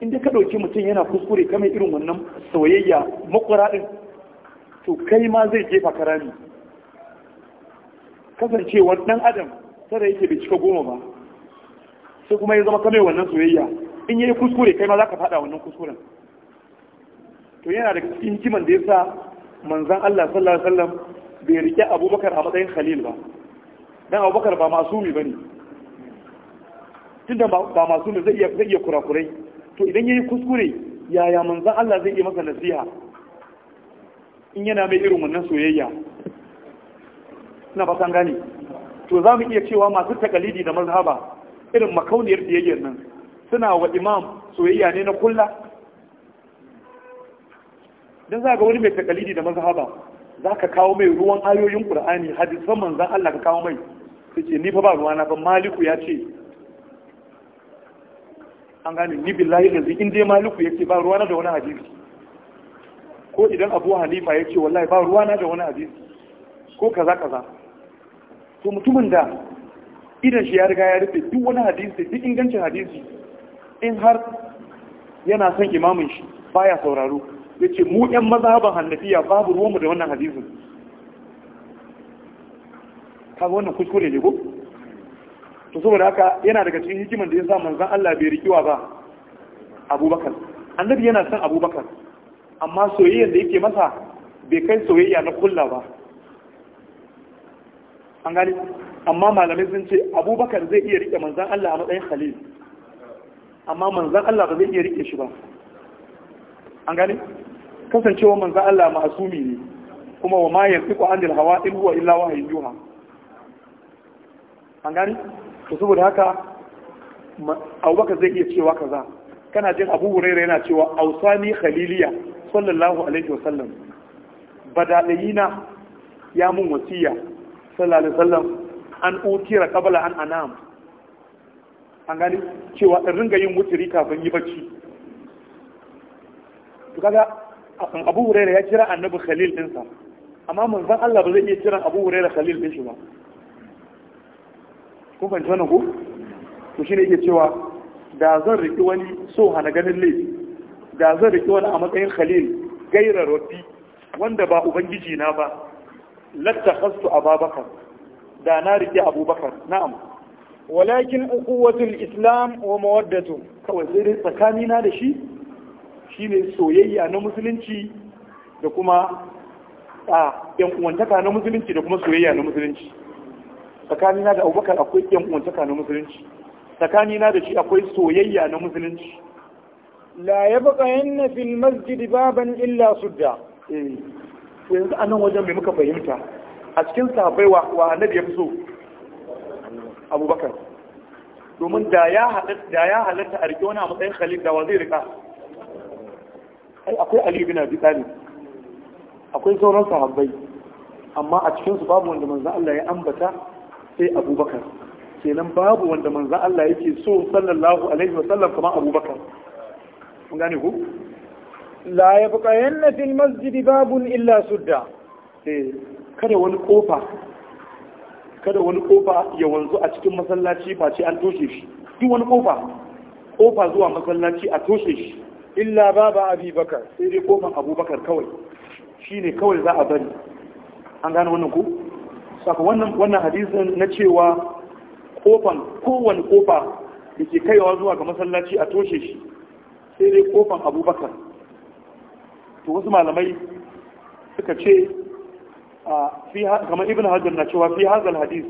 inda ka ɗauki mutum yana kuskure kamar irin wannan soyayya makwara ɗin to kai ma zai jefa karami kasancewar ɗan adam tara yake bai cika goma ba sai kuma ya zama kamar wannan soyayya in yayi kuskure kai ma za ka faɗa wannan kuskuren to yana da cikin hikiman da ya sa manzan Allah sallallahu alaihi wasallam bai rike Abubakar a matsayin Khalil ba dan abubakar ba masu mi ba ne tunda ba masu mi zai iya kurakurai to idan ya yi kuskure yaya manzan Allah zai iya masa nasiha in yana mai irin wannan soyayya na ba san gane to za mu iya cewa masu takalidi da mazhaba irin makauniyar biyayyar nan suna wa imam soyayya ne na kulla don za ga wani mai takalidi da mazhaba za ka kawo mai ruwan ayoyin ƙur'ani hadisan manzan Allah ka kawo mai sai ce ni fa ba ruwana ba maliku ya ce an gane ni billahi yanzu in dai maliku ya ce ba ruwana da wani hadisi ko idan abu hanifa ya ce wallahi ba ruwana da wani hadisi ko kaza kaza to mutumin da idan shi ya riga ya rufe duk wani hadisi duk ingancin hadisi in har yana son imamin shi baya sauraro ya ce mu 'yan mazhaban hannafiya babu ruwanmu da wannan hadisin kaga wannan kuskure ne ko to saboda haka yana daga cikin hikiman da ya sa manzon Allah bai rikiwa ba Abubakar annabi yana son Abubakar amma soyayyar da yake masa bai kai soyayya na kulla ba an gani amma malamai sun ce Abubakar zai iya rike manzon Allah a matsayin khalil amma manzon Allah ba zai iya rike shi ba an gani kasancewa manzon Allah ma'asumi ne kuma wa ma yantiqu anil hawa in huwa illa wahyuha an gani to saboda haka abubakar zai iya cewa kaza kana jin abu huraira yana cewa ausani khaliliya sallallahu alaihi wasallam badalayina ya mun wasiya sallallahu alaihi wasallam an utira qabla an anam an gani cewa in ringa yin wuturi kafin yi bacci to kaga abu huraira ya kira annabi khalil dinsa amma manzon Allah ba zai iya kira abu huraira khalil din shi ba kun fahimci wannan ko to shine yake cewa da zan riki wani so hana ganin laifi da zan riki wani a matsayin khalil gairar rabbi wanda ba ubangiji na ba lattakhastu ababakar da na riki abubakar na'am walakin uquwatul islam wa mawaddatu kawai sai dai tsakani na da shi shine soyayya na musulunci da kuma a yan uwantaka na musulunci da kuma soyayya na musulunci tsakanina da abubakar akwai yan uwantaka na musulunci tsakanina da shi akwai soyayya na musulunci la ya baka yanna fil masjid baban illa sudda eh yanzu anan wajen mai muka fahimta a cikin sahabbai wa wa annabi ya so abubakar domin da ya halatta a rike wani a matsayin khalid da wa zai rika ai akwai ali na abi talib akwai sauran sahabbai amma a cikin su babu wanda manzo Allah ya ambata sai abubakar kenan babu wanda manzan Allah yake so sallallahu alaihi wasallam kamar abubakar kun gane ku la yanna fil masjid babun illa sudda eh, kada wani kofa kada wani kofa ya wanzu a cikin masallaci face an toshe shi duk wani kofa kofa zuwa masallaci a toshe shi illa baba abubakar sai dai kofan abubakar kawai shine kawai za a bari an gane wannan ku saka wannan wannan hadisin na cewa kofan kowane kofa da ke kaiwa zuwa ga masallaci a toshe shi sai dai kofan abubakar to wasu malamai suka ce kamar ibn hajjar na cewa fi hazal hadis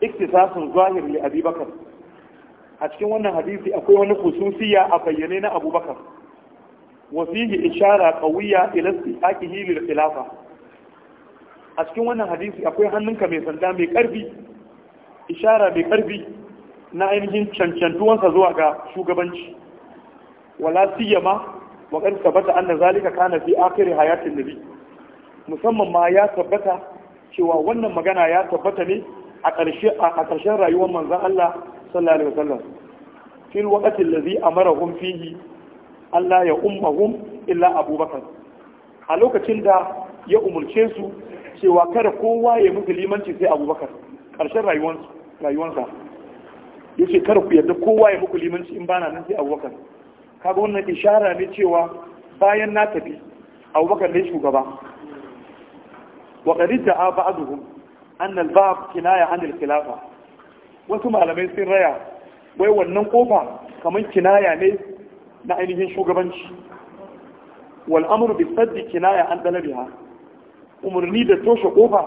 iktisasun zahir li abubakar a cikin wannan hadisi akwai wani khususiya a bayyane na abubakar wa fihi ishara qawiyya ila hiri lil khilafa a cikin wannan hadisi akwai hannunka mai sanda mai karfi ishara mai karfi na ainihin cancantuwansa zuwa ga shugabanci wala siyama wa kan tabbata anna zalika kana fi akhir hayatin nabi musamman ma ya tabbata cewa wannan magana ya tabbata ne a ƙarshe a ƙarshen rayuwar manzon Allah sallallahu alaihi wasallam fil waqti allazi amarahum fihi Allah ya ummahum illa abubakar a lokacin da ya umurce su cewa kada kowa ya musu limanci sai abubakar ƙarshen rayuwarsa. ya ce kada ku yarda kowa ya muku limanci in bana nan sai abubakar kaga wannan ishara ne cewa bayan na tafi abubakar ne shugaba wa qadidda ba'dhum an al kinaya an al wasu malamai sun raya wai wannan kofa kamar kinaya ne na ainihin shugabanci wal amru bi kinaya an dalabiha umarni da toshe kofa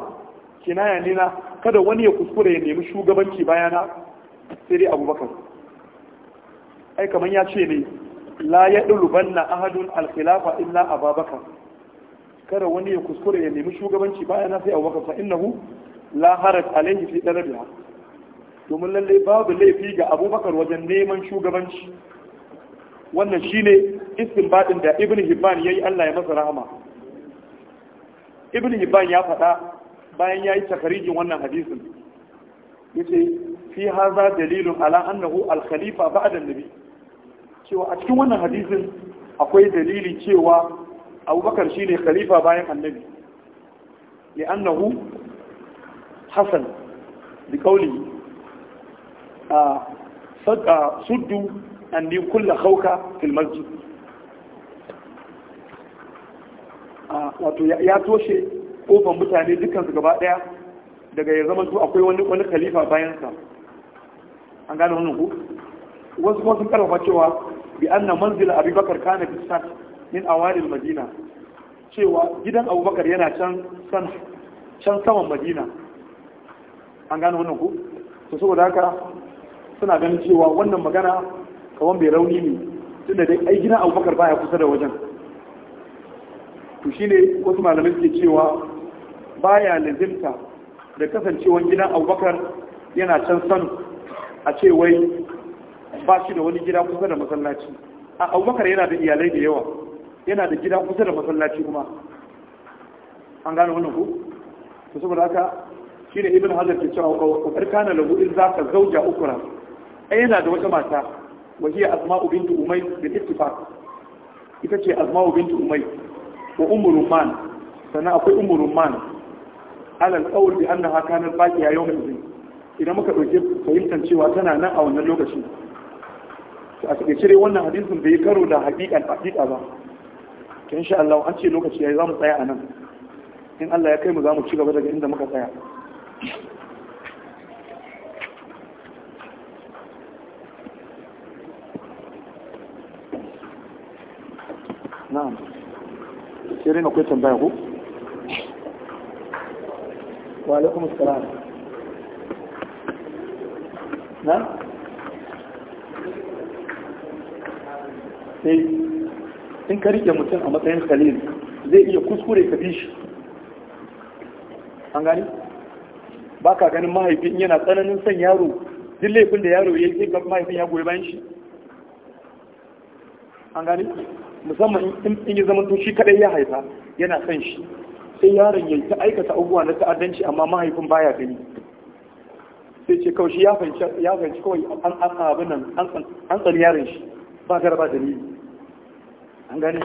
kinaya ne na kada wani ya kuskure ya nemi shugabanci bayana sai dai abubakar ai kamar ya ce ne la ya ɗuluban na ahadun alkhilafa illa ababakar kada wani ya kuskure ya nemi shugabanci bayana sai abubakar fa innahu la harat alaihi fi darabiha domin lalle babu laifi ga abubakar wajen neman shugabanci wannan shine istinbadin da ibn hibban yayi Allah ya masa rahama ibn hibban ya faɗa bayan ya yi takarijin wannan hadisin yace fi haza dalilun ala annahu al khalifa ba'da nabi cewa a cikin wannan hadisin akwai dalili cewa abubakar shine khalifa bayan annabi annahu hasan bi qawli a ah, sadda suddu an din kullu khawka fil masjid wato ya toshe kofan mutane dukansu gaba daya daga ya zama akwai wani wani khalifa bayansa an gane wannan ku wasu kuma sun karfafa cewa bi anna manzila abubakar kana fi san min awalil madina cewa gidan abubakar yana can san can saman madina an gane wannan ku to saboda haka suna ganin cewa wannan magana kawan bai rauni ne tunda dai ai gidan abubakar baya kusa da wajen to shine wasu malamai ke cewa baya lazimta da kasancewan gidan abubakar yana can san a ce wai ba shi da wani gida kusa da masallaci a abubakar yana da iyalai da yawa yana da gida kusa da masallaci kuma an gane wannan ku to saboda haka shi ne ibn hajar ke cewa kokar kana lahu in za ka zauja ukura ai yana da wata mata wahiya asma'u bintu umay da ittifaq ita ce asma'u bintu umay wa ummu sannan akwai ummu rumman alal qawl bi annaha kanat baqiya yawm idin idan muka dauke fahimtar cewa tana nan a wannan lokaci to a cikin cire wannan hadisin bai karo da haqiqan haqiqa ba to insha Allah an ce lokaci yayi zamu tsaya anan in Allah ya kai mu zamu ci gaba daga inda muka tsaya No. sai rina akwai tambaya ko wa alaikum assalam na sai eh, in ka rike mutum a matsayin khalil zai iya kuskure ka bi an gani ba ka ganin in yana tsananin son yaro duk laifin da yaro ya yi sai mahaifin ya goyi bayan shi an gani musamman in ya zamanto shi kadai ya haifa yana son shi sai yaron ya ta aikata abubuwa na ta'addanci amma mahaifin baya gani sai ce kawai shi ya fahimci kawai an abin nan an tsani yaron shi ba gara ba dalili an gane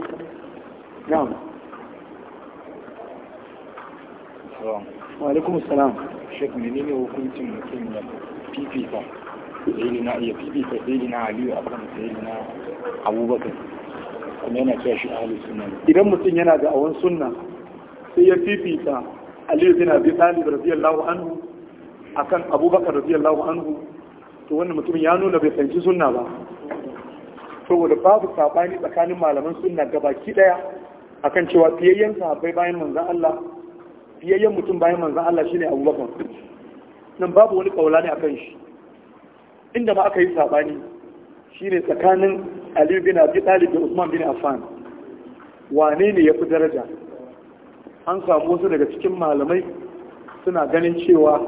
na'am wa alaikum salam shek menene hukuncin mutum na fifita sai na iya fifita sai na aliyu akan sai na abubakar kuma yana cewa shi ahlus sunna idan mutum yana da awon sunna sai ya fifita aliyu bin abi talib radiyallahu anhu akan abubakar radiyallahu anhu to wannan mutum ya nuna bai fahimci sunna ba saboda babu sabani tsakanin malaman sunna gabaki daya akan cewa fiyayyen sahabbai bayan manzon Allah fiyayyen mutum bayan manzon Allah shine abubakar nan babu wani kaula ne akan shi inda ma aka yi sabani shine tsakanin Ali bin Abi Talib da Usman bin Affan wane ne ya fi daraja an samu wasu daga cikin malamai suna ganin cewa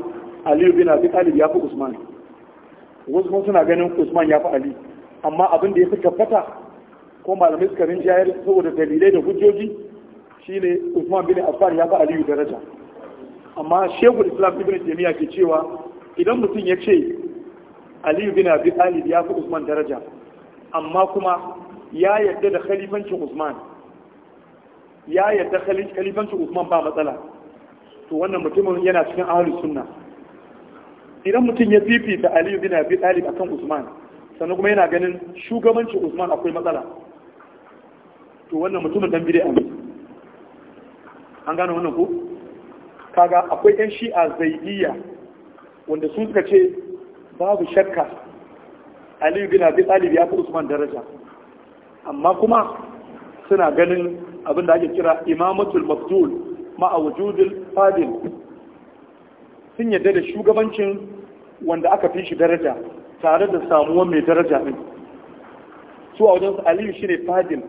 Ali bin Abi Talib ya fi Usman wasu kuma suna ganin Usman ya fi Ali amma abin da ya fi tabbata ko malamai suka rinjayar saboda dalilai da hujjoji shine Usman bin Affan ya fi Ali daraja amma Sheikhul Islam Ibn Taymiyyah ke cewa idan mutum ya ce Ali bin Abi Talib ya fi Usman daraja amma kuma ya yadda da khalifancin Usman ya yadda khalifancin Usman ba matsala to wannan mutumin yana cikin ahlus sunna idan mutum ya fifita Ali bin Abi Talib akan Usman sannan kuma yana ganin shugabancin Usman akwai matsala to wannan mutumin dan bid'a ne an gane wannan ko kaga akwai yan shi'a zaidiyya wanda sun suka ce babu shakka aliyu bin abi talib ya fi usman daraja amma kuma suna ganin abin da ake kira imamatul mafdul ma'a wujudul fadil sun yadda da shugabancin wanda aka fi shi daraja tare da samuwan mai daraja ne. su a wajen aliyu shi ne fadil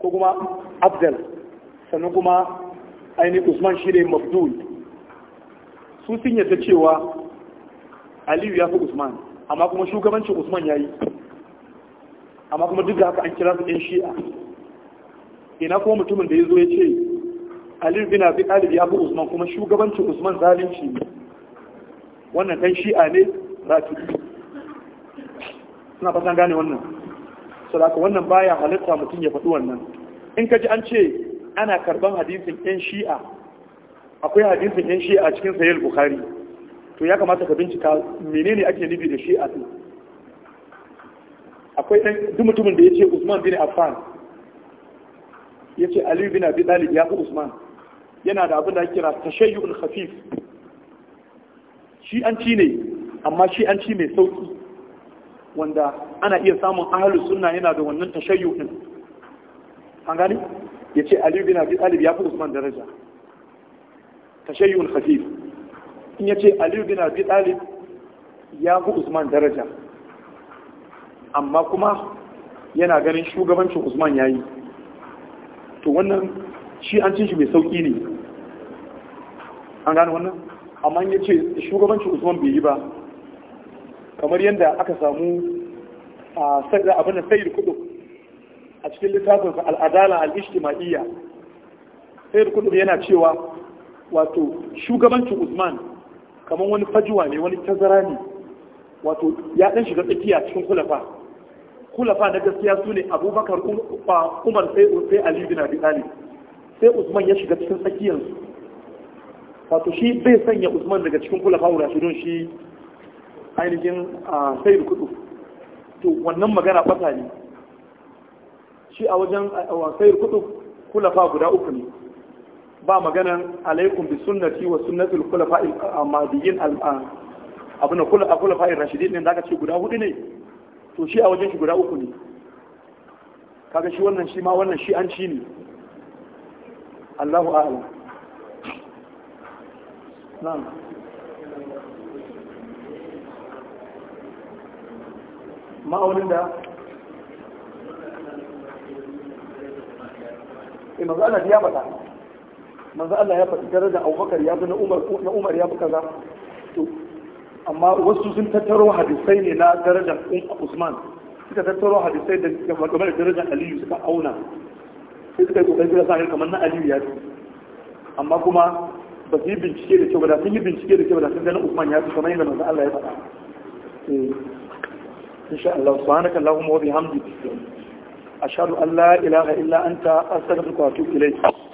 ko kuma abdal sannan kuma ainihin usman shi ne Mabdul, su sun yadda cewa aliyu ya fi usman amma kuma shugabancin usman ya yi amma kuma duk da haka an kira su ɗin shi'a ina kuma mutumin da ya zo ya ce alif bin abi talib ya fi usman kuma shugabancin usman zalunci ne wannan ɗan shi'a ne rafi suna fasan gane wannan saboda wannan baya halitta mutum ya faɗi wannan in ka ji an ce ana karban hadisin ɗan shi'a akwai hadisin ɗan shi'a cikin sahih bukhari to ya kamata ka bincika menene ake nufi da shi'a din akwai ɗan duk mutumin da ya ce Usman bin Affan ya ce Ali bin Abi Talib ya fi Usman yana da abin da ake kira tashayyu'ul khafif shi an ci ne amma shi an ci mai sauki wanda ana iya samun ahalus sunna yana da wannan tashayyu din an gani ya ce Ali bin Abi Talib ya fi Usman daraja tashayyu'ul khafif in ya ce aliyu bin abi talib ya fi usman daraja amma kuma yana ganin shugabancin usman ya yi to wannan shi an cin shi mai sauƙi ne an gane wannan amma ya ce shugabancin usman bai yi ba kamar yadda aka samu a abin da sayar kudu a cikin littafinsa al'adala al'ishtimaiya sayar kudu yana cewa wato shugabancin usman kamar wani fajuwa ne wani tazara ne wato ya ɗan shiga tsakiya cikin kulafa kulafa na gaskiya su ne abubakar umar sai sai ali bin abi talib sai usman ya shiga cikin tsakiyar su wato shi bai sanya usman daga cikin kulafa rashidun shi ainihin sai da kudu to wannan magana kwata ne shi a wajen sai da kudu kulafa guda uku ne ba maganan alaikum bi sunnati wa sunnatul khulafa'il al-an abin da kula khulafa'ir rashidin da zaka ce guda hudu ne to shi a wajen shi guda uku ne kaga shi wannan shi ma wannan shi an ci ne Allahu a'lam na'am ma'aunin da imam eh, Allah ya faɗa manzo Allah ya faɗi darajar Abubakar ya fi na Umar na Umar ya fi kaza to amma wasu sun tattaro hadisai ne na darajar umm Usman suka tattaro hadisai da game da darajar Aliyu suka auna sai suka yi kokarin kira sa kamar na Aliyu ya amma kuma ba su yi bincike da kyau ba da sun yi bincike da kyau ba, da sun gani Usman ya fi kamar yadda manzo Allah ya faɗa إن شاء الله سبحانك اللهم وبحمدك أشهد أن لا إله إلا أنت أستغفرك وأتوب إليك